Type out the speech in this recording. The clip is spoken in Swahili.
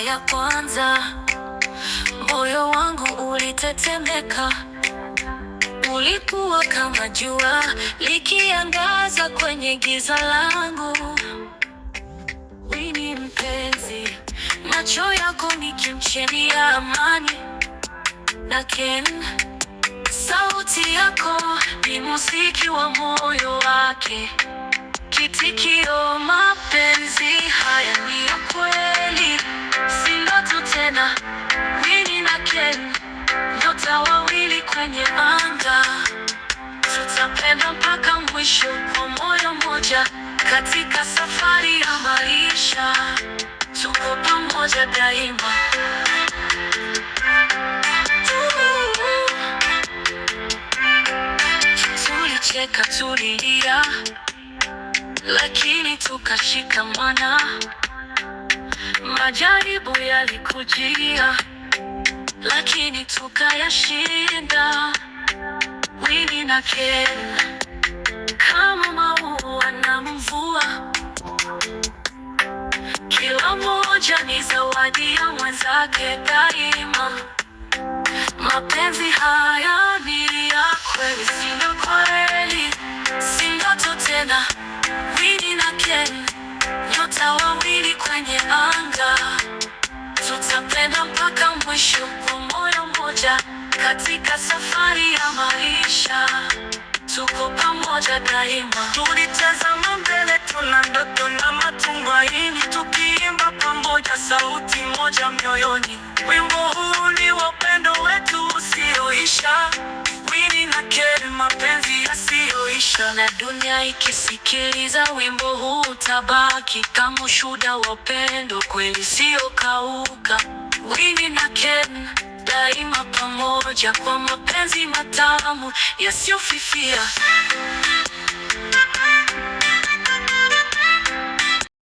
ya kwanza, moyo wangu ulitetemeka, ulikuwa kama jua likiangaza kwenye giza langu. Wini mpenzi, macho yako ni chemchemi ya amani, Naken, sauti yako ni muziki wa moyo wake, kitikio mapenzi haya ni tena, Winnie na Ken, nyota wawili kwenye anga. Tutapenda mpaka mwisho kwa moyo mmoja, katika safari ya maisha. Tuko pamoja daima. Tulicheka, tulilia, lakini tukashikamana. Majaribu yalikujia, lakini tukayashinda. wini na Ken kama maua na mvua, kila moja ni zawadi ya mwenzake daima. Mapenzi haya ni ya kweli, si ndoto tena mbali kwenye anga, tutapenda mpaka mwisho kwa moyo mmoja, katika safari ya maisha tuko pamoja daima. Tulitazama mbele, tuna ndoto na matumaini, tukiimba pamoja, sauti moja mioyoni, wimbo huu ni wa upendo wetu usioisha. Hata na dunia ikisikiliza wimbo huu utabaki kama ushuhuda wa upendo kweli siyokauka. Winnie na Ken daima pamoja kwa mapenzi matamu yasiyofifia.